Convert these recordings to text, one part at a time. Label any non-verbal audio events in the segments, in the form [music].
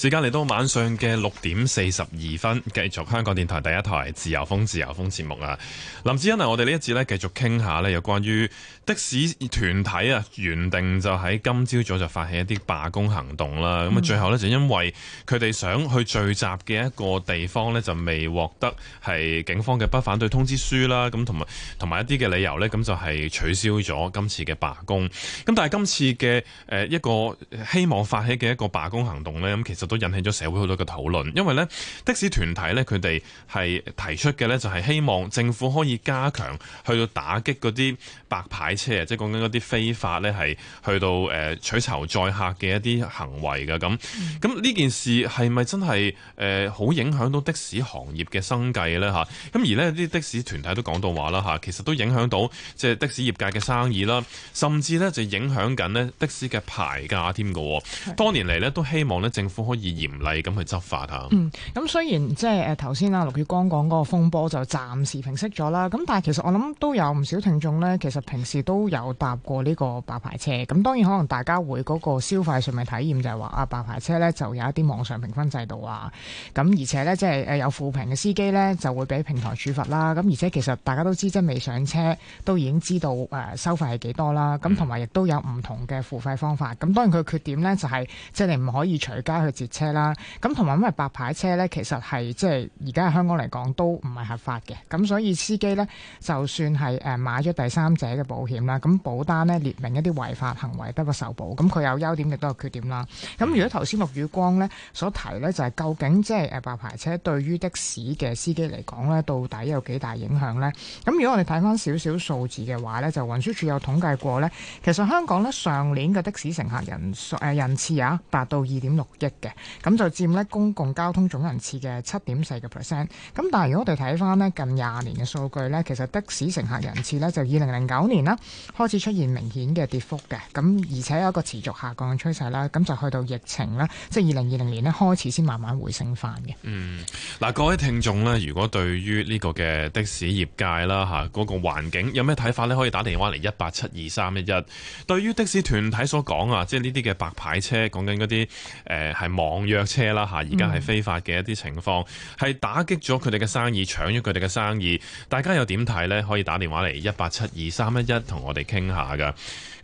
時間嚟到晚上嘅六點四十二分，繼續香港電台第一台自由風自由風節目啊！林志欣啊，我哋呢一節咧繼續傾下咧，有關於的士團體啊，原定就喺今朝早就發起一啲罷工行動啦。咁啊、嗯，最後咧就因為佢哋想去聚集嘅一個地方咧，就未獲得係警方嘅不反對通知書啦。咁同埋同埋一啲嘅理由咧，咁就係取消咗今次嘅罷工。咁但係今次嘅誒一個希望發起嘅一個罷工行動咧，咁其實。都引起咗社會好多嘅討論，因為呢的士團體呢，佢哋係提出嘅呢，就係希望政府可以加強去到打擊嗰啲白牌車，即係講緊嗰啲非法呢，係去到誒、呃、取酬載客嘅一啲行為嘅咁。咁呢件事係咪真係誒好影響到的士行業嘅生計呢？嚇、啊，咁而呢啲的士團體都講到話啦嚇、啊，其實都影響到即係的士業界嘅生意啦，甚至呢就影響緊呢的士嘅牌價添㗎。多年嚟呢，都希望呢政府可以，以嚴厲咁去執法嚇。嗯，咁雖然即係誒頭先阿陸月光講嗰個風波就暫時平息咗啦。咁但係其實我諗都有唔少聽眾呢，其實平時都有搭過呢個白牌車，咁當然可能大家會嗰個消費上面體驗就係話啊，白牌車呢就有一啲網上評分制度啊。咁而且呢即係誒有負評嘅司機呢就會俾平台處罰啦。咁而且其實大家都知，即未上車都已經知道誒收費係幾多啦。咁同埋亦都有唔同嘅付費方法。咁當然佢缺點呢就係即係你唔可以隨街去車啦，咁同埋因為白牌車咧，其實係即係而家喺香港嚟講都唔係合法嘅，咁所以司機咧就算係誒買咗第三者嘅保險啦，咁保單咧列明一啲違法行為，不過受保，咁佢有優點亦都有缺點啦。咁、嗯、如果頭先陸宇光咧所提咧，就係究竟即係誒白牌車對於的士嘅司機嚟講咧，到底有幾大影響咧？咁如果我哋睇翻少少數字嘅話咧，就運輸署有統計過咧，其實香港咧上年嘅的，的士乘客人數、呃、人次啊，達到二點六億嘅。咁就佔呢公共交通總人次嘅七點四個 percent。咁但係如果我哋睇翻呢近廿年嘅數據呢，其實的士乘客人次呢，就二零零九年啦開始出現明顯嘅跌幅嘅。咁而且有一個持續下降嘅趨勢啦。咁就去到疫情啦，即係二零二零年呢開始先慢慢回升翻嘅。嗯，嗱各位聽眾呢，如果對於呢個嘅的士業界啦吓嗰個環境有咩睇法呢？可以打電話嚟一八七二三一一。對於的士團體所講啊，即係呢啲嘅白牌車講緊嗰啲誒係網。網約車啦吓，而家係非法嘅一啲情況，係、嗯、打擊咗佢哋嘅生意，搶咗佢哋嘅生意，大家又點睇呢？可以打電話嚟一八七二三一一同我哋傾下㗎。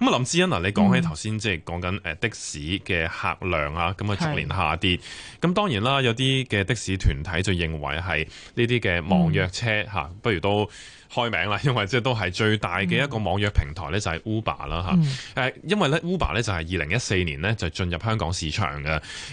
咁啊，林志恩嗱，你講起頭先，即係講緊誒的士嘅客量啊，咁啊逐年下跌。咁是當然啦，有啲嘅的士團體就認為係呢啲嘅網約車吓，嗯、不如都開名啦，因為即係都係最大嘅一個網約平台咧、嗯，就係 Uber 啦吓。誒，因為咧 Uber 咧就係二零一四年呢就進入香港市場嘅。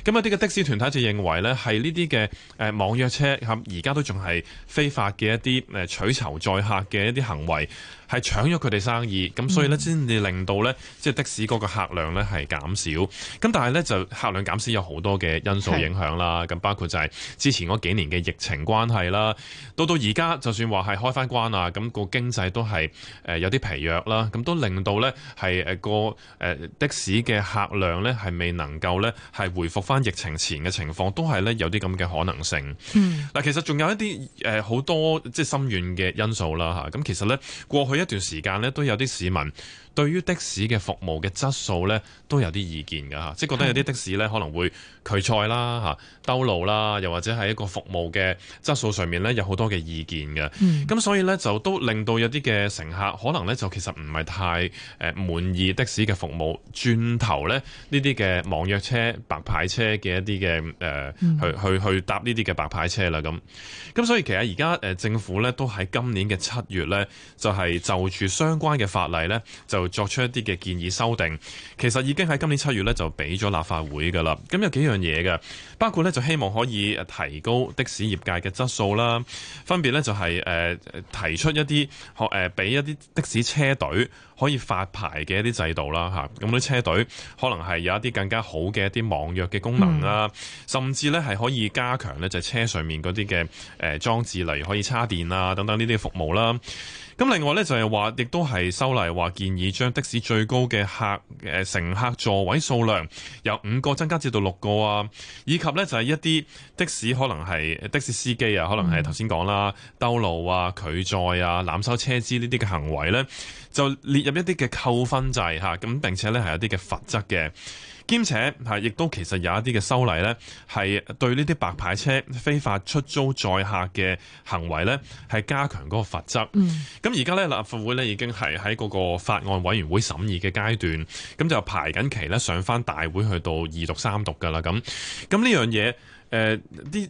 咁啊，啲嘅的士團體就認為咧係呢啲嘅誒網約車吓，而家都仲係非法嘅一啲誒取酬載客嘅一啲行為。係搶咗佢哋生意，咁所以呢，先至令到呢，即係、就是、的士個嘅客量呢係減少。咁但係呢，就客量減少有好多嘅因素影響啦。咁是包括就係之前嗰幾年嘅疫情關係啦，到到而家就算話係開翻關啊，咁、那個經濟都係誒、呃、有啲疲弱啦。咁都令到呢，係誒個誒的士嘅客量呢係未能夠呢，係回復翻疫情前嘅情況，都係呢，有啲咁嘅可能性。嗯，嗱其實仲有一啲誒好多即係深遠嘅因素啦嚇。咁、啊、其實呢，過去一段時間咧，都有啲市民對於的士嘅服務嘅質素咧，都有啲意見嘅吓，即係覺得有啲的士咧可能會拒載啦、吓兜路啦，又或者係一個服務嘅質素上面咧有好多嘅意見嘅。咁、嗯、所以咧就都令到有啲嘅乘客可能咧就其實唔係太誒滿意的士嘅服務，轉頭咧呢啲嘅網約車、白牌車嘅一啲嘅誒，去去去搭呢啲嘅白牌車啦咁。咁所以其實而家誒政府咧都喺今年嘅七月咧就係、是。就住相關嘅法例呢，就作出一啲嘅建議修訂。其實已經喺今年七月呢，就俾咗立法會噶啦。咁有幾樣嘢嘅，包括呢，就希望可以提高的士業界嘅質素啦。分別呢就係誒提出一啲學誒俾一啲的士車隊可以發牌嘅一啲制度啦，嚇咁啲車隊可能係有一啲更加好嘅一啲網約嘅功能啦，嗯、甚至呢係可以加強呢就車上面嗰啲嘅誒裝置，例如可以插電啊等等呢啲服務啦。咁另外咧就係話，亦都係修例話，建議將的士最高嘅客誒、呃、乘客座位數量由五個增加至到六個啊，以及呢，就係一啲的士可能係的士司機啊，可能係頭先講啦，兜路啊拒載啊濫收車資呢啲嘅行為呢，就列入一啲嘅扣分制吓，咁、啊、並且呢，係有啲嘅罰則嘅。兼且嚇，亦都其實有一啲嘅修例呢，係對呢啲白牌車非法出租載客嘅行為呢，係加強嗰個罰則。咁而家呢，立法會呢已經係喺嗰個法案委員會審議嘅階段，咁就排緊期呢，上返大會去到二讀三讀噶啦。咁咁呢樣嘢。誒啲、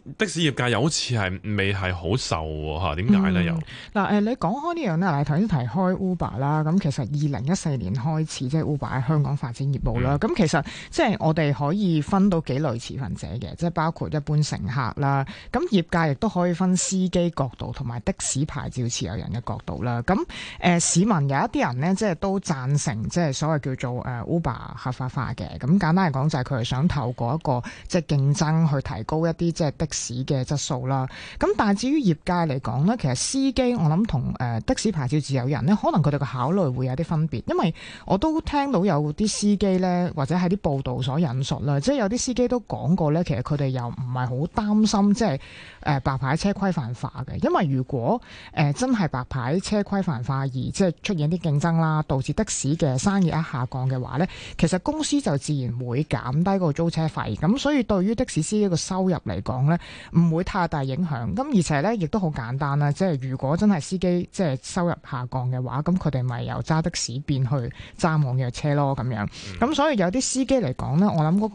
呃、的士業界又好似係未係好受喎嚇，點解咧？又嗱誒，你講開呢樣咧，你頭先提開 Uber 啦，咁其實二零一四年開始即係、就是、Uber 喺香港發展業務啦，咁、嗯、其實即係我哋可以分到幾類持份者嘅，即係包括一般乘客啦，咁業界亦都可以分司機角度同埋的士牌照持有人嘅角度啦。咁誒市民有一啲人咧，即係都贊成即係所謂叫做誒 Uber 合法化嘅，咁簡單嚟講就係佢係想透過一個即係競爭去提。高一啲即係的士嘅質素啦，咁但係至於業界嚟講咧，其實司機我諗同誒的士牌照持有人咧，可能佢哋嘅考慮會有啲分別，因為我都聽到有啲司機咧，或者喺啲報道所引述啦，即係有啲司機都講過咧，其實佢哋又唔係好擔心即係誒白牌車規範化嘅，因為如果誒真係白牌車規範化而即係出現啲競爭啦，導致的士嘅生意一下降嘅話咧，其實公司就自然會減低個租車費，咁所以對於的士司機個收收入嚟講咧，唔會太大影響。咁而且咧，亦都好簡單啦。即係如果真係司機即係收入下降嘅話，咁佢哋咪由揸的士變去揸網約車咯。咁樣咁，所以有啲司機嚟講咧，我諗嗰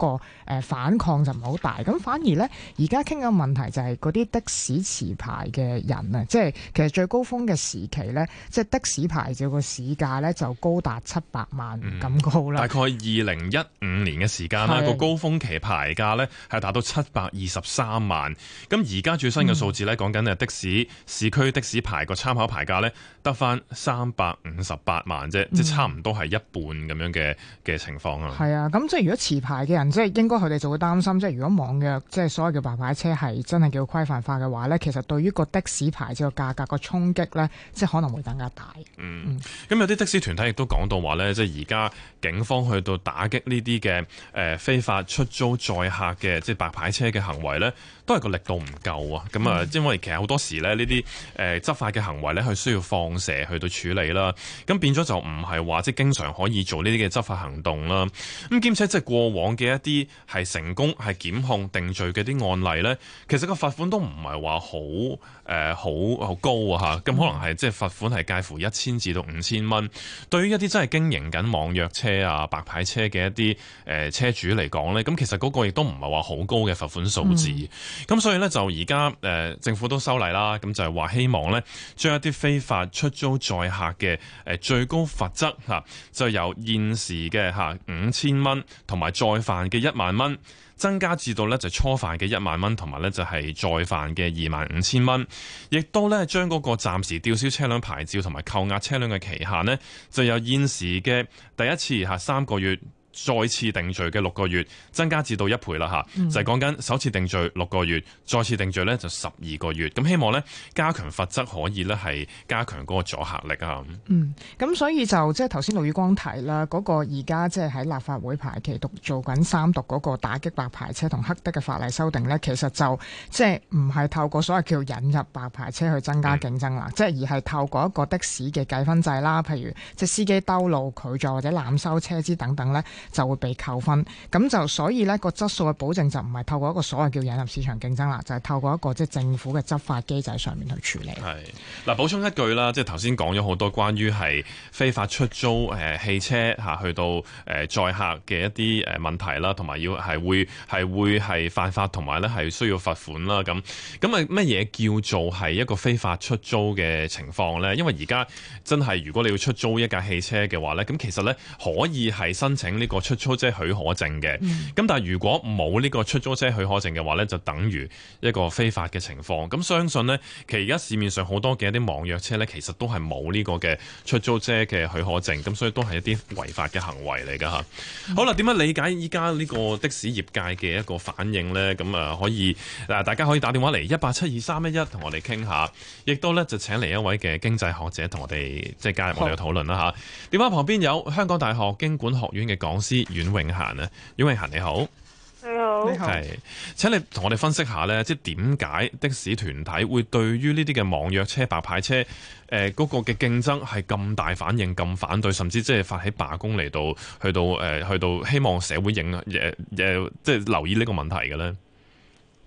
個誒反抗就唔係好大。咁反而咧，而家傾嘅問題就係嗰啲的士持牌嘅人啊，即係其實最高峰嘅時期咧，即係的士牌照個市價咧就高達七百萬咁高啦，嗯。大概二零一五年嘅時間啦，的個高峰期牌價咧係達到七百。二十三萬，咁而家最新嘅數字呢，講緊誒的士、嗯、市區的士牌個參考牌價呢，得翻三百五十八萬啫，即係差唔多係一半咁樣嘅嘅情況啊。係啊，咁即係如果持牌嘅人，即係應該佢哋就會擔心，即係如果網約即係所謂嘅白牌車係真係叫規範化嘅話呢，其實對於個的士牌照個價格個衝擊呢，即係可能會更加大。嗯，咁、嗯、有啲的士團體亦都講到話呢，即係而家警方去到打擊呢啲嘅誒非法出租載客嘅即係白牌車嘅。行為呢都係個力度唔夠啊，咁啊，因為其實好多時呢呢啲執法嘅行為呢佢需要放蛇去到處理啦，咁變咗就唔係話即係經常可以做呢啲嘅執法行動啦。咁兼且即係過往嘅一啲係成功係檢控定罪嘅啲案例呢，其實個罰款都唔係話好誒好高啊吓，咁可能係即係罰款係介乎一千至到五千蚊。對於一啲真係經營緊網約車啊白牌車嘅一啲誒車主嚟講呢，咁其實嗰個亦都唔係話好高嘅罰款。數字，咁、嗯、所以咧就而家誒政府都修例啦，咁就係話希望咧將一啲非法出租載客嘅誒、呃、最高罰則嚇、啊，就由現時嘅嚇五千蚊同埋再犯嘅一萬蚊，增加至到咧就初犯嘅一萬蚊，同埋咧就係、是、再犯嘅二萬五千蚊，亦都咧將嗰個暫時吊銷車輛牌照同埋扣押車輛嘅期限呢，就由現時嘅第一次嚇三、啊、個月。再次定罪嘅六個月，增加至到一倍啦，吓、嗯，就係講緊首次定罪六個月，再次定罪咧就十二個月。咁希望咧加強罰則可以咧係加強嗰個阻嚇力啊。嗯，咁所以就即係頭先盧宇光提啦，嗰、那個而家即係喺立法會排期讀做緊三讀嗰個打擊白牌車同黑的嘅法例修訂咧，其實就即係唔係透過所謂叫引入白牌車去增加競爭啦，即係、嗯、而係透過一個的士嘅計分制啦，譬如即係司機兜路拒載或者濫收車資等等咧。就會被扣分，咁就所以呢個質素嘅保證就唔係透過一個所謂叫引入市場競爭啦，就係、是、透過一個即係政府嘅執法機制上面去處理。係，嗱，補充一句啦，即係頭先講咗好多關於係非法出租誒、呃、汽車吓去到誒、呃、載客嘅一啲誒問題啦，同埋要係會係會係犯法，同埋呢係需要罰款啦。咁咁啊乜嘢叫做係一個非法出租嘅情況呢？因為而家真係如果你要出租一架汽車嘅話呢，咁其實呢，可以係申請呢。出個出租車許可證嘅，咁但係如果冇呢個出租車許可證嘅話呢，就等於一個非法嘅情況。咁相信呢，其實而家市面上好多嘅一啲網約車呢，其實都係冇呢個嘅出租車嘅許可證，咁所以都係一啲違法嘅行為嚟噶吓。嗯、好啦，點樣理解依家呢個的士業界嘅一個反應呢？咁啊，可以大家可以打電話嚟一八七二三一一，同我哋傾下。亦都呢，就請嚟一位嘅經濟學者同我哋即係加入我哋嘅討論啦吓。電話好旁邊有香港大學經管學院嘅講。講師阮穎嫻咧，阮穎嫻你好，你好，係好，請你同我哋分析下咧，即係點解的士團體會對於呢啲嘅網約車、白牌車，誒、呃，嗰、那個嘅競爭係咁大反應，咁反對，甚至即係發起罷工嚟到，去到誒、呃，去到希望社會影響誒誒，即係留意呢個問題嘅咧。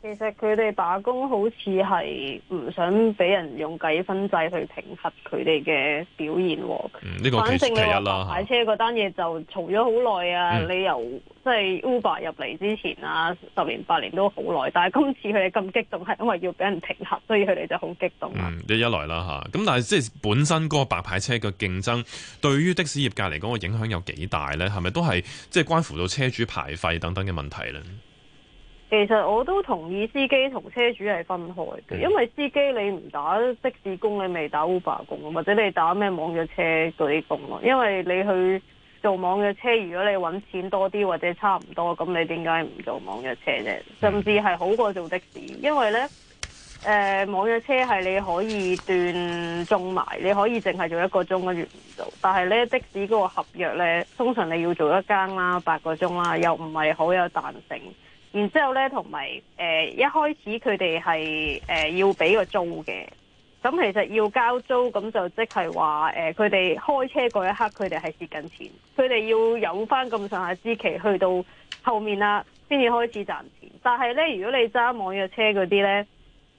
其實佢哋罷工好似係唔想俾人用計分制去評核佢哋嘅表現。嗯，呢、這個其實一啦。白牌車嗰單嘢就嘈咗好耐啊！嗯、你由即係 Uber 入嚟之前啊，十年八年都好耐。但係今次佢哋咁激動，係因為要俾人評核，所以佢哋就好激動、啊、嗯，一,一來啦吓。咁但係即係本身嗰個白牌車嘅競爭，對於的士業界嚟講嘅影響有幾大咧？係咪都係即係關乎到車主牌費等等嘅問題咧？其實我都同意司機同車主係分開嘅，因為司機你唔打的士工，你未打 Uber 工，或者你打咩網約車嗰啲工咯。因為你去做網約車，如果你揾錢多啲或者差唔多，咁你點解唔做網約車啫？甚至係好過做的士，因為呢，誒、呃、網約車係你可以斷鐘埋，你可以淨係做一個鐘跟住唔做。但係呢，的士嗰個合約呢，通常你要做一更啦，八個鐘啦，又唔係好有彈性。然之後呢，同埋誒一開始佢哋係誒要畀個租嘅，咁其實要交租咁就即係話誒佢哋開車嗰一刻佢哋係蝕緊錢，佢哋要有返咁上下之期去到後面啦先至開始賺錢。但係呢，如果你揸網約車嗰啲呢，誒、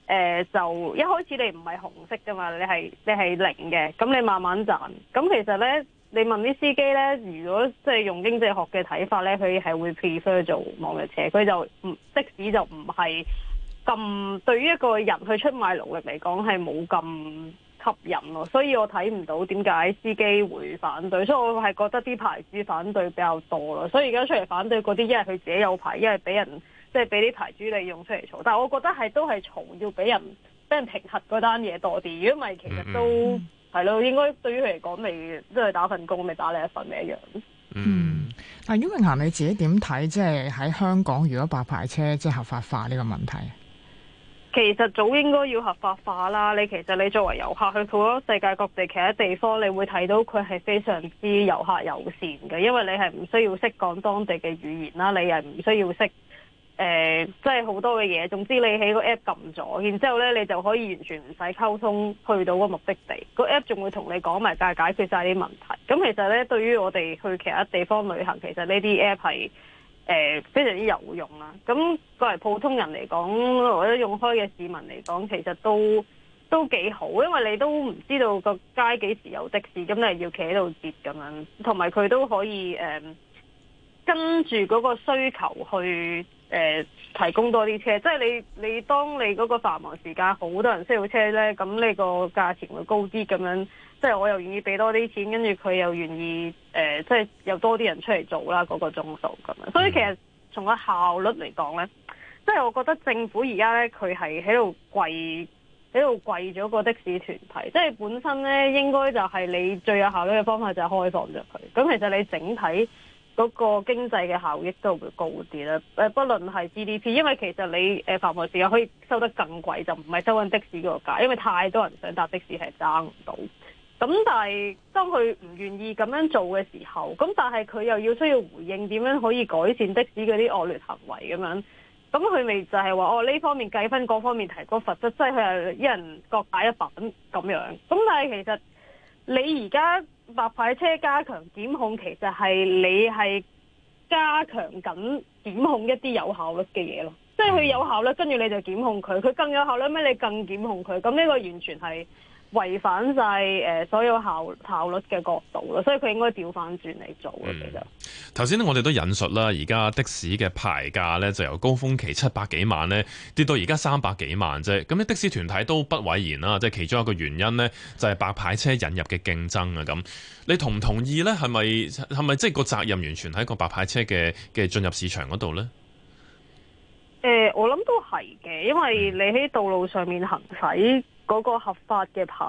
呃、就一開始你唔係紅色㗎嘛，你係你係零嘅，咁你慢慢賺。咁其實呢。你問啲司機呢，如果即係用經濟學嘅睇法呢，佢係會 prefer 做網約車，佢就唔即使就唔係咁，對於一個人去出賣勞力嚟講係冇咁吸引咯，所以我睇唔到點解司機會反對，所以我係覺得啲牌子反對比較多咯。所以而家出嚟反對嗰啲，一係佢自己有牌，一係俾人即係俾啲牌主利用出嚟嘈，但係我覺得係都係嘈要俾人俾人評核嗰單嘢多啲，如果唔係其實都。係咯，應該對於佢嚟講，未都係打份工，咪打你一份，咪一樣。嗯，但係阮穎嫻你自己點睇？即係喺香港，如果白牌車即、就係、合法化呢個問題？其實早應該要合法化啦。你其實你作為遊客去到好多世界各地其他地方，你會睇到佢係非常之遊客友善嘅，因為你係唔需要識講當地嘅語言啦，你係唔需要識。誒、即係好多嘅嘢，總之你喺個 app 撳咗，然之後呢你就可以完全唔使溝通去到個目的地，個 app 仲會同你講埋，解解決晒啲問題。咁其實呢，對於我哋去其他地方旅行，其實呢啲 app 係誒、呃、非常之有用啦。咁作為普通人嚟講，或者用開嘅市民嚟講，其實都都幾好，因為你都唔知道個街幾時有的士，咁你係要企喺度截咁樣，同埋佢都可以誒、呃、跟住嗰個需求去。誒、呃、提供多啲車，即係你你當你嗰個繁忙時間好多人需要車呢，咁呢個價錢會高啲咁樣，即係我又願意畀多啲錢，跟住佢又願意、呃、即係有多啲人出嚟做啦嗰、嗰個鐘數咁樣。所以其實從個效率嚟講呢，即係我覺得政府而家呢，佢係喺度跪，喺度跪咗個的士團體，即係本身呢，應該就係你最有效率嘅方法就係開放咗佢。咁其實你整體。嗰個經濟嘅效益都會高啲啦，誒，不論係 GDP，因為其實你繁忙時間可以收得更貴，就唔係收緊的士個價，因為太多人想搭的士係爭唔到。咁但係當佢唔願意咁樣做嘅時候，咁但係佢又要需要回應點樣可以改善的士嗰啲惡劣行為咁樣，咁佢咪就係話哦，呢方面計分，各方面提高罰則，即係佢一人各打一百蚊咁樣。咁但係其實你而家。白牌車加強檢控，其實係你係加強緊檢控一啲有效率嘅嘢囉，即係佢有效率，跟住你就檢控佢，佢更有效率咩？你更檢控佢，咁呢個完全係。違反晒誒、所有效效率嘅角度咯，所以佢應該調翻轉嚟做咯。其實頭先、嗯、我哋都引述啦，而家的士嘅牌價咧就由高峰期七百幾萬咧跌到現在而家三百幾萬啫。咁啲的士團體都不諱言啦，即係其中一個原因咧就係白牌車引入嘅競爭啊。咁你同唔同意咧？係咪係咪，即係個責任完全喺個白牌車嘅嘅進入市場嗰度咧？誒、欸、，我諗都係嘅，因為你喺道路上面行駛。嗰個合法嘅牌，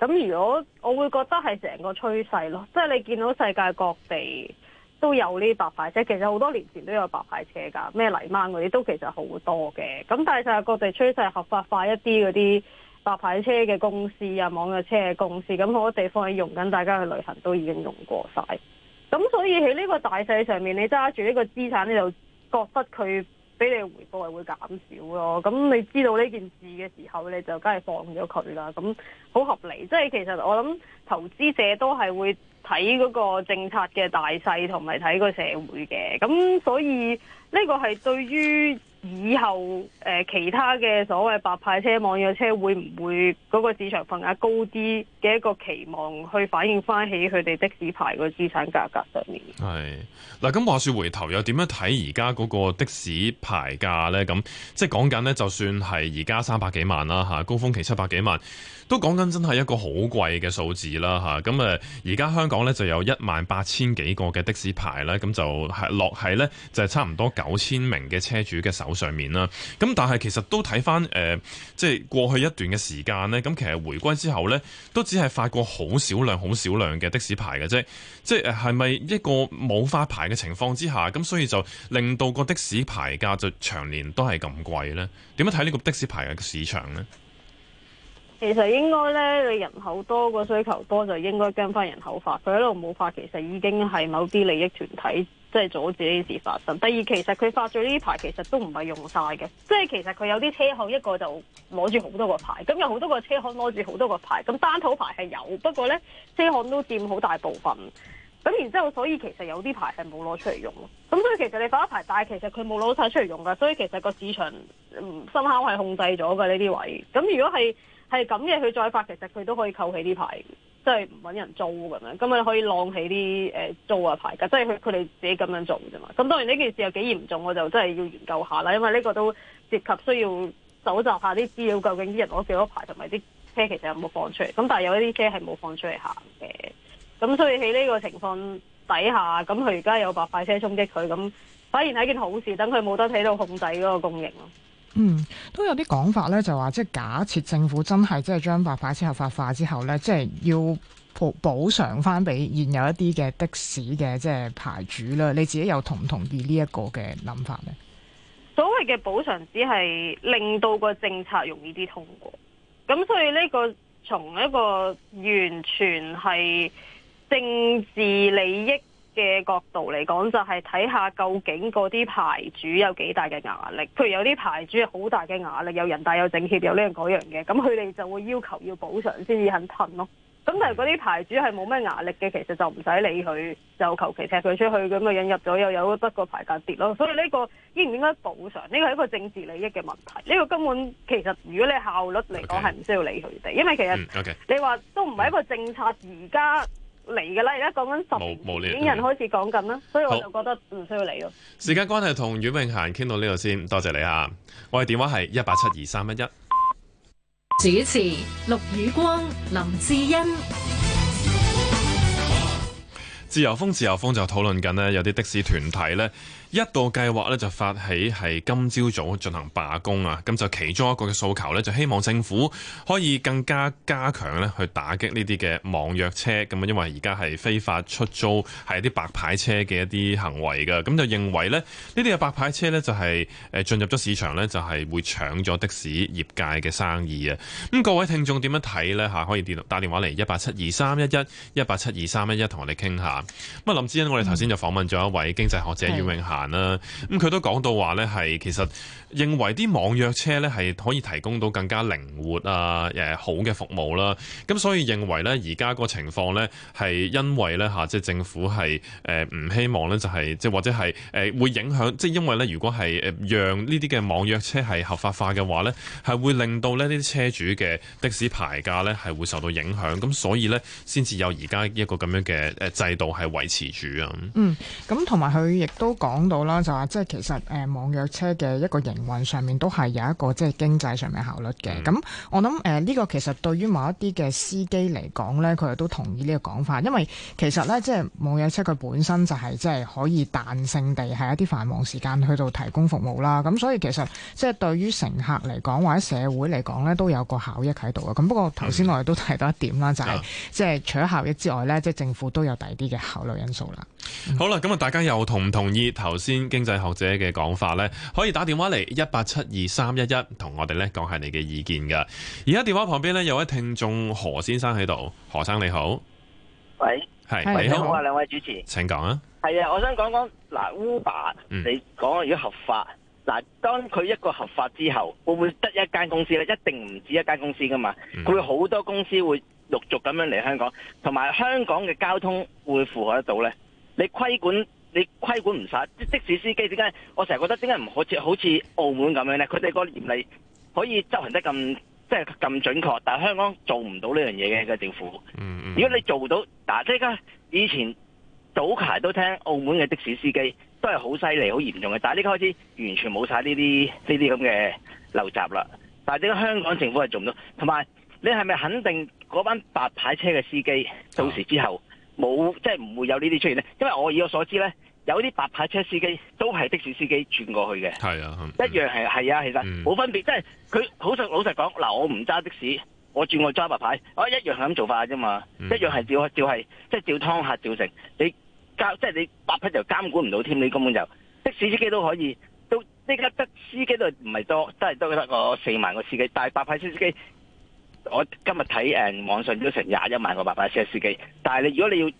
咁如果我會覺得係成個趨勢咯，即係你見到世界各地都有呢白牌車，其實好多年前都有白牌車㗎，咩泥鯭嗰啲都其實好多嘅，咁但係世界各地趨勢合法化一啲嗰啲白牌車嘅公司啊，網約車嘅公司，咁好多地方係用緊，大家嘅旅行都已經用過晒。咁所以喺呢個大勢上面，你揸住呢個資產你就覺得佢。俾你嘅回報係會減少咯，咁你知道呢件事嘅時候，你就梗係放咗佢啦，咁好合理。即係其實我諗投資者都係會睇嗰個政策嘅大勢，同埋睇個社會嘅，咁所以呢個係對於。以後、呃、其他嘅所謂白牌車、網約車會唔會嗰個市場份額高啲嘅一個期望去反映翻起佢哋的士牌個資產價格上面？係嗱，咁話說回頭又點樣睇而家嗰個的士牌價呢？咁即係講緊呢，就算係而家三百幾萬啦吓，高峰期七百幾萬。都講緊真係一個好貴嘅數字啦嚇，咁而家香港呢，就有一萬八千幾個嘅的士牌啦。咁就係落喺呢，就係差唔多九千名嘅車主嘅手上面啦。咁但係其實都睇翻誒，即係過去一段嘅時間呢。咁其實回歸之後呢，都只係發過好少量、好少量嘅的士牌嘅啫。即係係咪一個冇發牌嘅情況之下，咁所以就令到個的士牌價就長年都係咁貴呢？點樣睇呢個的士牌嘅市場呢？其實應該咧，你人口多個需求多，就應該跟翻人口發。佢喺度冇發，其實已經係某啲利益團體即係、就是、阻止呢啲事發生。第二，其實佢發咗呢啲牌，其實都唔係用晒嘅，即、就、係、是、其實佢有啲車行一個就攞住好多個牌，咁有好多個車行攞住好多個牌，咁的士牌係有，不過咧車行都佔好大部分。咁然之後，所以其實有啲牌係冇攞出嚟用咯。咁所以其實你發一排，但係其實佢冇攞晒出嚟用噶。所以其實個市場唔深口係控制咗㗎呢啲位。咁如果係咁嘅，佢再發，其實佢都可以扣起啲牌，即係唔揾人租咁樣，咁你可以晾起啲、呃、租嘅牌噶。即係佢佢哋自己咁樣做啫嘛。咁當然呢件事有幾嚴重，我就真係要研究下啦。因為呢個都涉及需要搜集下啲資料，究竟啲人攞幾多牌，同埋啲車其實有冇放出嚟。咁但係有一啲車係冇放出嚟行嘅。咁所以喺呢個情況底下，咁佢而家有白牌車衝擊佢，咁反而係一件好事，等佢冇得喺度控制嗰個供應咯。嗯，都有啲講法咧，就話即係假設政府真係即係將白牌車合法化之後咧，即係要補補償翻俾現有一啲嘅的、的士嘅即係牌主啦。你自己又同唔同意呢一個嘅諗法呢？所謂嘅補償，只係令到個政策容易啲通過。咁所以呢個從一個完全係。政治利益嘅角度嚟講，就係睇下究竟嗰啲牌主有幾大嘅壓力。譬如有啲牌主好大嘅壓力，有人大，有政協，有呢樣嗰樣嘅，咁佢哋就會要求要補償先至肯吞咯。咁但係嗰啲牌主係冇咩壓力嘅，其實就唔使理佢，就求其踢佢出去咁啊，引入咗又有得個牌價跌咯。所以呢個應唔應該補償？呢個係一個政治利益嘅問題。呢個根本其實如果你效率嚟講，係唔 Okay. 需要理佢哋，因為其實你話都唔係一個政策而家。嚟噶啦，而家講緊十幾人開始講緊啦，所以我就覺得唔需要嚟咯。時間關係，同阮穎嫻傾到呢度先，多謝你啊！我哋電話係一八七二三一一。主持陸宇光、林志恩。自由風，自由風就討論緊呢，有啲的士團體咧。一度計劃咧就發起係今朝早進行罷工啊！咁就其中一個嘅訴求咧，就希望政府可以更加加強咧去打擊呢啲嘅網約車咁啊！因為而家係非法出租係一啲白牌車嘅一啲行為嘅，咁就認為咧呢啲嘅白牌車咧就係誒進入咗市場咧就係會搶咗的士業界嘅生意啊！咁各位聽眾點樣睇呢？嚇？可以電打電話嚟一八七二三一一一八七二三一一同我哋傾下。咁啊，林子欣，我哋頭先就訪問咗一位經濟學者阮、嗯、穎嫻。啦，咁佢都講到話咧，係其實。認為啲網約車咧係可以提供到更加靈活啊誒好嘅服務啦，咁所以認為呢，而家個情況呢係因為呢，嚇即係政府係誒唔希望呢、就係，就係即係或者係誒會影響，即係因為呢，如果係誒讓呢啲嘅網約車係合法化嘅話呢係會令到呢啲車主嘅的，的士牌價呢係會受到影響，咁所以呢，先至有而家一個咁樣嘅誒制度係維持住啊。嗯，咁同埋佢亦都講到啦，就話即係其實誒網約車嘅一個形。運上面都係有一個即經濟上面效率嘅，咁、嗯、我諗誒呢個其實對於某一啲嘅司機嚟講呢，佢哋都同意呢個講法，因為其實呢，即係網約車，即佢本身就係即係可以彈性地喺一啲繁忙時間去到提供服務啦，咁所以其實即係對於乘客嚟講或者社會嚟講呢都有個效益喺度嘅，咁不過頭先我哋都提到一點啦、就是，嗯、就係即係除咗效益之外呢，即係政府都有第二啲嘅考慮因素啦。嗯、好啦，咁啊，大家又同唔同意頭先經濟學者嘅講法呢？可以打電話嚟一八七二三一一，同我哋呢講下你嘅意見噶。而家電話旁邊呢，有位聽眾何先生喺度，何生你好。喂，係你好啊，兩位主持，請講啊。係啊，我想講講嗱，Uber 你講如果合法嗱，嗯、當佢一個合法之後，會唔會得一間公司呢？一定唔止一間公司噶嘛，佢好、嗯、多公司會陸續咁樣嚟香港，同埋香港嘅交通會符合得到呢？你規管你規管唔晒，即的士司機點解，我成日覺得點解唔好似好似澳門咁樣咧，佢哋個嚴厲可以執行得咁即係咁準確，但係香港做唔到呢樣嘢嘅嘅政府。如果你做到，嗱即係而家以前早排都聽澳門嘅的士司機都係好犀利、好嚴重嘅，但係呢家開始完全冇晒呢啲呢啲咁嘅陋習啦。但係點解香港政府係做唔到？同埋你係咪肯定嗰班白牌車嘅司機到時之後？啊冇即係唔會有呢啲出現咧，因為我以我所知咧，有啲白牌車司機都係的士司機轉過去嘅，係啊，嗯、一樣係係啊，其實冇、啊嗯、分別，即係佢好實老實講，嗱，我唔揸的士，我轉過去揸白牌，我一樣係咁做法啫嘛，嗯、一樣係照照係即係照劏客照成，你監即係你白牌就監管唔到添，你根本就的士司機都可以，都即家得司機都唔係多，都係都得四萬個司機，但係白牌車司機。我今日睇誒，網上都成廿一萬個八牌車司機。但係你如果你要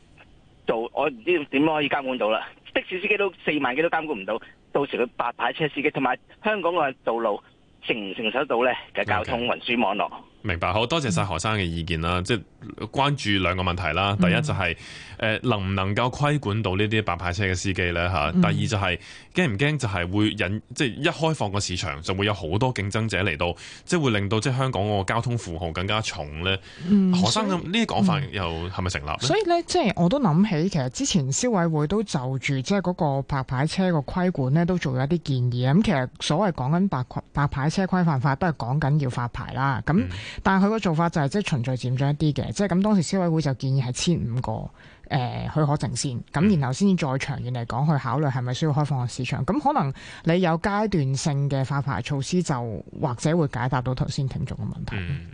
做，我唔知點樣可以監管到啦。的士司機都四萬幾都監管唔到，到時佢八牌車司機同埋香港嘅道路承唔承受得到咧嘅交通運輸網絡。明白，好多謝晒何生嘅意見啦，即係、嗯、關注兩個問題啦。第一就係、是、誒、嗯、能唔能夠規管到呢啲白牌車嘅司機咧嚇，嗯、第二就係驚唔驚就係會引即係、就是、一開放個市場就會有好多競爭者嚟到，即、就、係、是、會令到即係香港個交通負荷更加重咧。何、嗯、生咁呢啲講法又係咪成立呢？嗯、所以咧，即、就、係、是、我都諗起其實之前消委會都就住即係嗰個白牌車個規管咧都做咗一啲建議啊。咁其實所謂講緊白白牌車規範法都係講緊要發牌啦。咁但係佢個做法就係即係循序漸進一啲嘅，即係咁當時消委會就建議係千五個誒、呃、許可證先，咁然後先再長遠嚟講去考慮係咪需要開放市場。咁可能你有階段性嘅發牌措施就，就或者會解答到頭先聽眾嘅問題。嗯、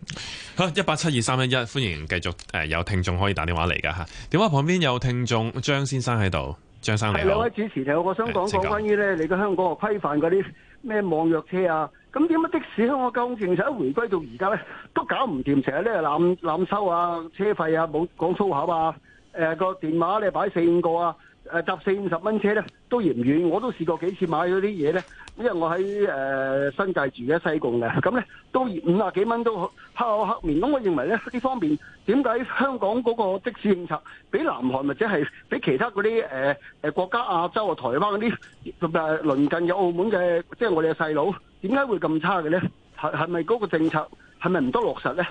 好，一八七二三一一，歡迎繼續誒、呃、有聽眾可以打電話嚟㗎嚇。電話旁邊有聽眾張先生喺度。張生係兩位主持，我我想講講關於咧你嘅香港規範嗰啲咩網約車啊，咁點解的士香港交通其實一回歸到而家咧都搞唔掂，成日咧濫收啊，車費啊，冇講粗口啊，呃那個電話咧擺四五個啊。誒搭四五十蚊車咧，都嫌遠。我都試過幾次買咗啲嘢咧，因為我喺誒、呃、新界住嘅西貢嘅，咁咧都五啊幾蚊都我黑口黑面。咁我認為咧，呢方面點解香港嗰個的士政策比南韓或者係比其他嗰啲誒誒國家亞洲啊、台灣嗰啲誒鄰近嘅澳門嘅，即係我哋嘅細佬，點解會咁差嘅咧？係係咪嗰個政策係咪唔多落實咧？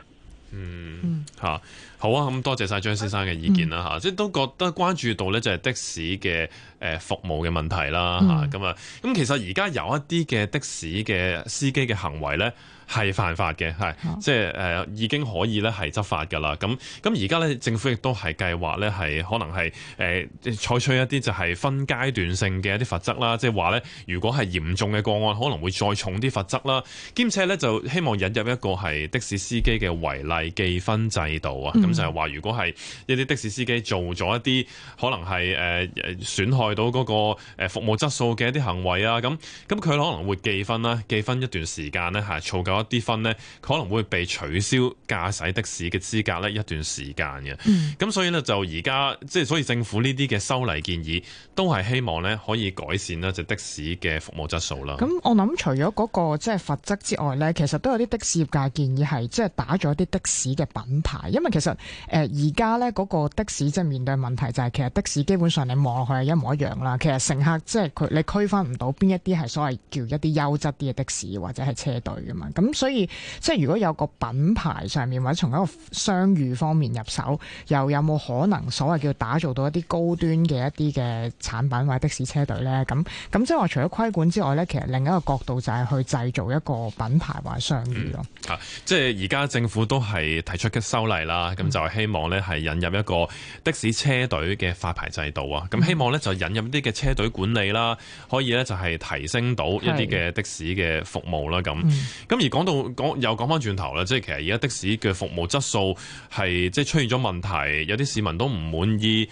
嗯，吓、嗯、好啊！咁多謝晒張先生嘅意見啦，吓即係都覺得關注到呢，就係的士嘅誒服務嘅問題啦，吓咁啊！咁其實而家有一啲嘅的，的士嘅司機嘅行為呢。係犯法嘅，係，即係誒、呃、已經可以咧係執法噶啦。咁咁而家咧政府亦都係計劃咧係可能係誒、呃、採取一啲就係分階段性嘅一啲罰則啦，即係話咧如果係嚴重嘅個案，可能會再重啲罰則啦。兼且咧就希望引入一個係的士司機嘅違例記分制度啊。咁、嗯、就係話如果係一啲的士司機做咗一啲可能誒誒損害到嗰個服務質素嘅一啲行為啊，咁咁佢可能會記分啦，記分一段時間咧係一啲分呢，可能會被取消駕駛的士嘅資格呢一段時間嘅。咁所以呢，就而家即係，所以政府呢啲嘅修例建議都係希望呢可以改善呢就的士嘅服務質素啦。咁我諗除咗嗰個即係罰則之外呢，其實都有啲的士業界建議係即係打咗啲的士嘅品牌，因為其實誒而家呢嗰個的士即係面對問題就係其實的士基本上你望落去係一模一樣啦，其實乘客即係佢你區分唔到邊一啲係所謂叫一啲優質啲嘅的，的士或者係車隊㗎嘛咁。咁所以即係如果有個品牌上面或者從一個商譽方面入手，又有冇可能所謂叫打造到一啲高端嘅一啲嘅產品或者的士車隊咧？咁咁即係話除咗規管之外咧，其實另一個角度就係去製造一個品牌或者商譽咯。吓、嗯啊，即係而家政府都係提出嘅修例啦，咁就係希望咧係引入一個的士車隊嘅發牌制度啊，咁希望咧、嗯、就引入一啲嘅車隊管理啦，可以咧就係、是、提升到一啲嘅的、的士嘅服務啦。咁咁、嗯、而講。講到講又講翻轉頭啦，即係其實而家的士嘅服務質素係即係出現咗問題，有啲市民都唔滿意。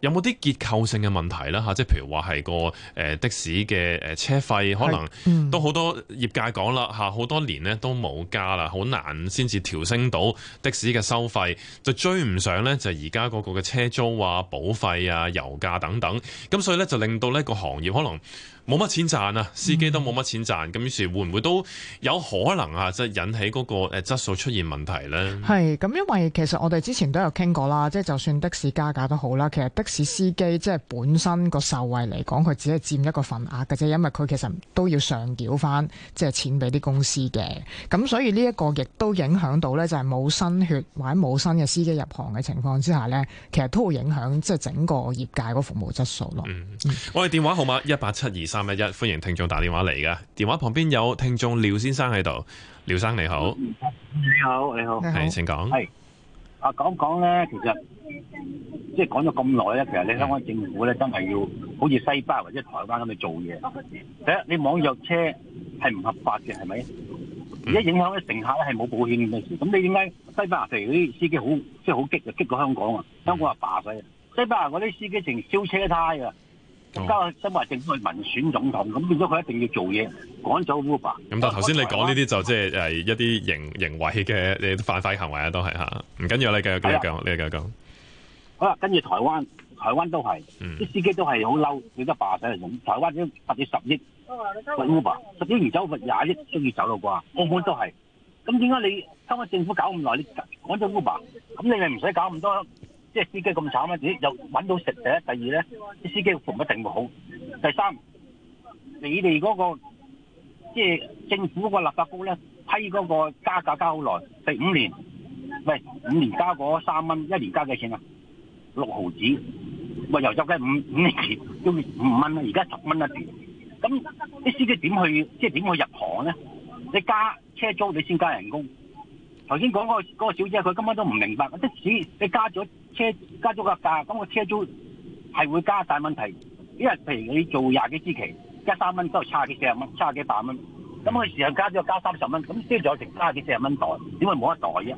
有冇啲結構性嘅問題啦吓，即係譬如話係個誒的士嘅誒車費，可能都好多業界講啦吓，好多年呢都冇加啦，好難先至調升到的士嘅收費，就追唔上咧就而家嗰個嘅車租啊、保費啊、油價等等，咁所以咧就令到呢個行業可能。冇乜錢賺啊！司機都冇乜錢賺，咁、嗯、於是會唔會都有可能啊？即係引起嗰個質素出現問題呢？係咁，因為其實我哋之前都有傾過啦，即係就算的士加價都好啦，其實的士司機即係本身個受惠嚟講，佢只係佔一個份額嘅啫，因為佢其實都要上繳翻即係錢俾啲公司嘅。咁所以呢一個亦都影響到呢，就係冇新血或者冇新嘅司機入行嘅情況之下呢，其實都會影響即係整個業界個服務質素咯、嗯。我哋電話號碼一八七二三。今日日歡迎聽眾打電話嚟嘅，電話旁邊有聽眾廖先生喺度，廖生你好，你好，你好你好，係請講，係啊講講咧，其實即係講咗咁耐咧，其實你香港政府咧真係要好似西班牙或者台灣咁去做嘢。第一，你網約車係唔合法嘅，係咪？而家影響啲乘客咧係冇保險嘅，咁你點解西班牙嗰啲司機好即係好激啊？激過香港啊？香港話罷費，嗯、西班牙嗰啲司機成燒車胎噶。而家佢政府佢民選總統，咁變咗佢一定要做嘢，趕走 Uber。咁但係頭先你講呢啲就即係誒一啲形形為嘅誒犯法行為啊，都係吓，唔緊要，你繼續繼續講，你繼續講。好啦，跟住台灣，台灣都係，啲、嗯、司機都係好嬲，變得霸仔。嚟用。台灣都發咗十億，搵 Uber，十億唔走，或廿億都要走到啩，個個都係。咁點解你香港政府搞咁耐，你趕走 Uber，咁你咪唔使搞咁多。即係司機咁慘啦，你又搵到食第一，第二咧，啲司機服務一定唔好。第三，你哋嗰、那個即係、就是、政府嗰個立法局咧批嗰個加價加好耐，第五年。喂，五年加嗰三蚊，一年加幾錢啊？六毫子，喂又入計五五年前，都五蚊啦，而家十蚊一啦。咁啲司機點去即係點去入行咧？你加車租你加，你先加人工。頭先講嗰個小姐，佢根本都唔明白。即使你加咗車加咗個價，咁個車租係會加曬，問題。因為譬如你做廿幾支旗，加三蚊都差幾四十蚊，差幾百蚊。咁佢時候加咗加三十蚊，咁即係仲有成差幾四十蚊袋，點解冇一袋啫？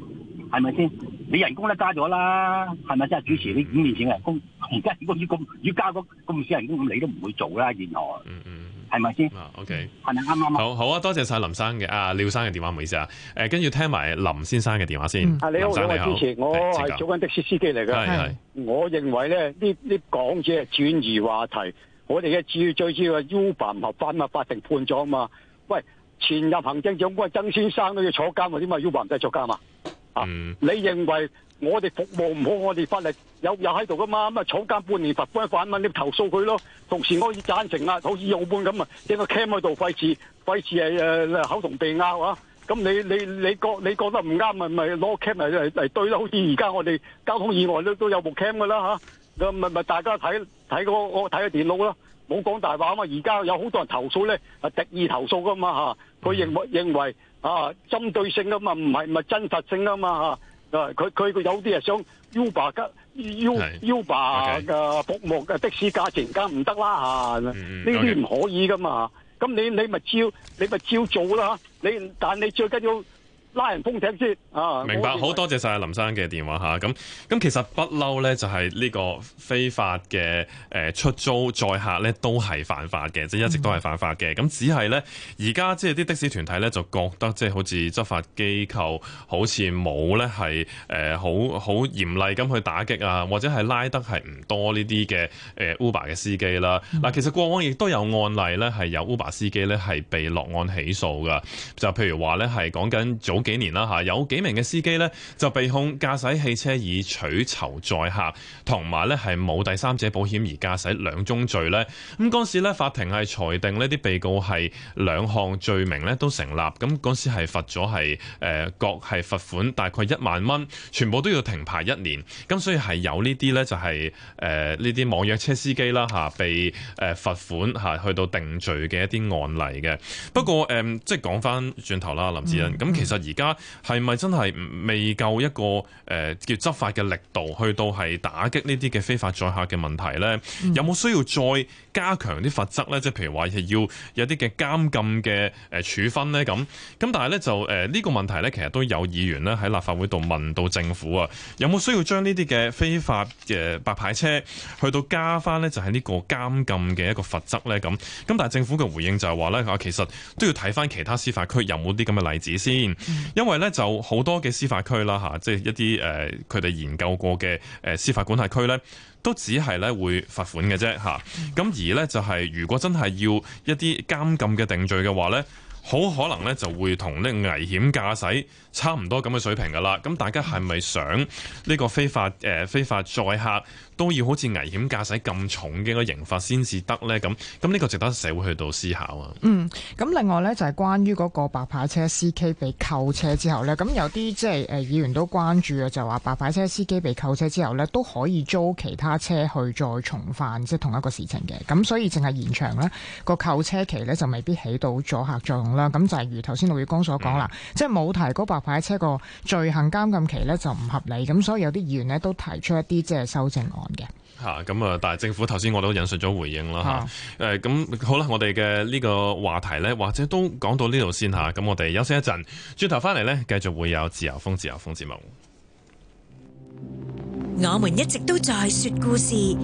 係咪先？你人工都加咗啦，係咪先？即係主持、嗯、你五年前嘅人工，而家如果要咁要加個咁少人工，咁你都唔會做啦。原來。嗯嗯係咪先？啊，OK，啱啱好好啊，多謝晒林生嘅，阿、啊、廖生嘅電話，唔好意思啊。誒、呃，跟住聽埋林先生嘅電話、嗯、先。你好，林生你好主持。是我係做緊的士司機嚟㗎。我認為咧，呢呢講者轉移話題，我哋嘅主要最主要 Uber 唔合法嘛，法庭判咗嘛。喂，前任行政長官曾先生都要坐監，點解 Uber 唔使坐監啊？ [noise] 啊！你認為我哋服務唔好，我哋法例有有喺度噶嘛？咁啊，坐監半年罰款萬蚊，你投訴佢咯？同時，贊同時我以贊成啊，好似澳門咁啊，一個 cam 喺度費事費事係誒口同鼻拗啊！咁你你你覺你覺得唔啱咪咪攞個 cam 嚟嚟對，好似而家我哋交通意外都都有部 cam 噶啦吓，咁咪咪大家睇睇個睇個電腦啦、啊。冇講大話啊嘛！而家有好多人投訴咧，啊，敵意投訴噶嘛嚇，佢認為認為啊，針對性啊嘛，唔係唔係真實性的啊嘛嚇，佢佢佢有啲係想 Uber, U, 的 Uber 嘅 U Uber 嘅服務嘅 okay. 的士價錢梗唔得啦嚇，呢啲唔可以噶嘛，咁、嗯 okay. 你你咪照你咪照做啦嚇，你但你最緊要。拉人封艇先啊，明白。好多謝晒林生嘅電話吓，咁咁其實不嬲咧，就係呢個非法嘅誒出租載客咧，都係犯法嘅，即係、mm hmm. 一直都係犯法嘅。咁只係咧，而家即係啲的士團體咧，就覺得即係好似執法機構好似冇咧係誒好好嚴厲咁去打擊啊，或者係拉得係唔多呢啲嘅誒 Uber 嘅司機啦。嗱、mm，hmm. 其實過往亦都有案例咧，係有 Uber 司機咧係被落案起訴，噶就譬如話咧係講緊早幾年啦吓，有幾名嘅司機咧就被控駕駛汽車以取酬載客，同埋咧係冇第三者保險而駕駛兩宗罪呢。咁嗰時呢，法庭係裁定呢啲被告係兩項罪名呢都成立。咁嗰時係罰咗係誒各係罰款大概一萬蚊，全部都要停牌一年。咁所以係有呢啲呢就係誒呢啲網約車司機啦吓，被誒罰款吓去到定罪嘅一啲案例嘅。嗯、不過誒，嗯、即係講翻轉頭啦，林志恩，咁、嗯、其實而家係咪真係未夠一個誒、呃、叫執法嘅力度，去到係打擊呢啲嘅非法載客嘅問題呢？有冇需要再加強啲罰則呢？即係譬如話係要有啲嘅監禁嘅誒處分呢。咁咁，但係呢就誒呢、呃呢個問題呢，其實都有議員呢喺立法會度問到政府啊，有冇需要將呢啲嘅非法嘅白牌車去到加翻呢？就係呢個監禁嘅一個罰則呢。咁咁，但係政府嘅回應就係話呢，啊，其實都要睇翻其他司法區有冇啲咁嘅例子先。因為咧就好多嘅司法區啦嚇，即係一啲誒佢哋研究過嘅誒司法管轄區咧，都只係咧會罰款嘅啫嚇。咁而咧就係，如果真係要一啲監禁嘅定罪嘅話咧。好可能咧就會同呢危險駕駛差唔多咁嘅水平噶啦，咁大家係咪想呢個非法誒、呃、非法載客都要好似危險駕駛咁重嘅個刑罰，先至得咧？咁咁呢個值得社會去到思考啊。嗯，咁另外咧就係、是、關於嗰個白牌車司機被扣車之後咧，咁有啲即係誒議員都關注啊，就話白牌車司機被扣車之後咧都可以租其他車去再重犯即係、就是、同一個事情嘅，咁所以淨係延長咧個扣車期咧就未必起到阻嚇作用。啦，咁就係如頭先陸月光所講啦，嗯、即係冇提高白牌的車個罪行監禁期呢就唔合理。咁所以有啲議員呢都提出一啲即係修正案嘅。嚇，咁啊，但係政府頭先我都引述咗回應啦。嚇、嗯，誒、啊，咁好啦，我哋嘅呢個話題呢，或者都講到呢度先嚇。咁我哋休息一陣，轉頭翻嚟呢，繼續會有自由風、自由風節目。我們一直都在說故事。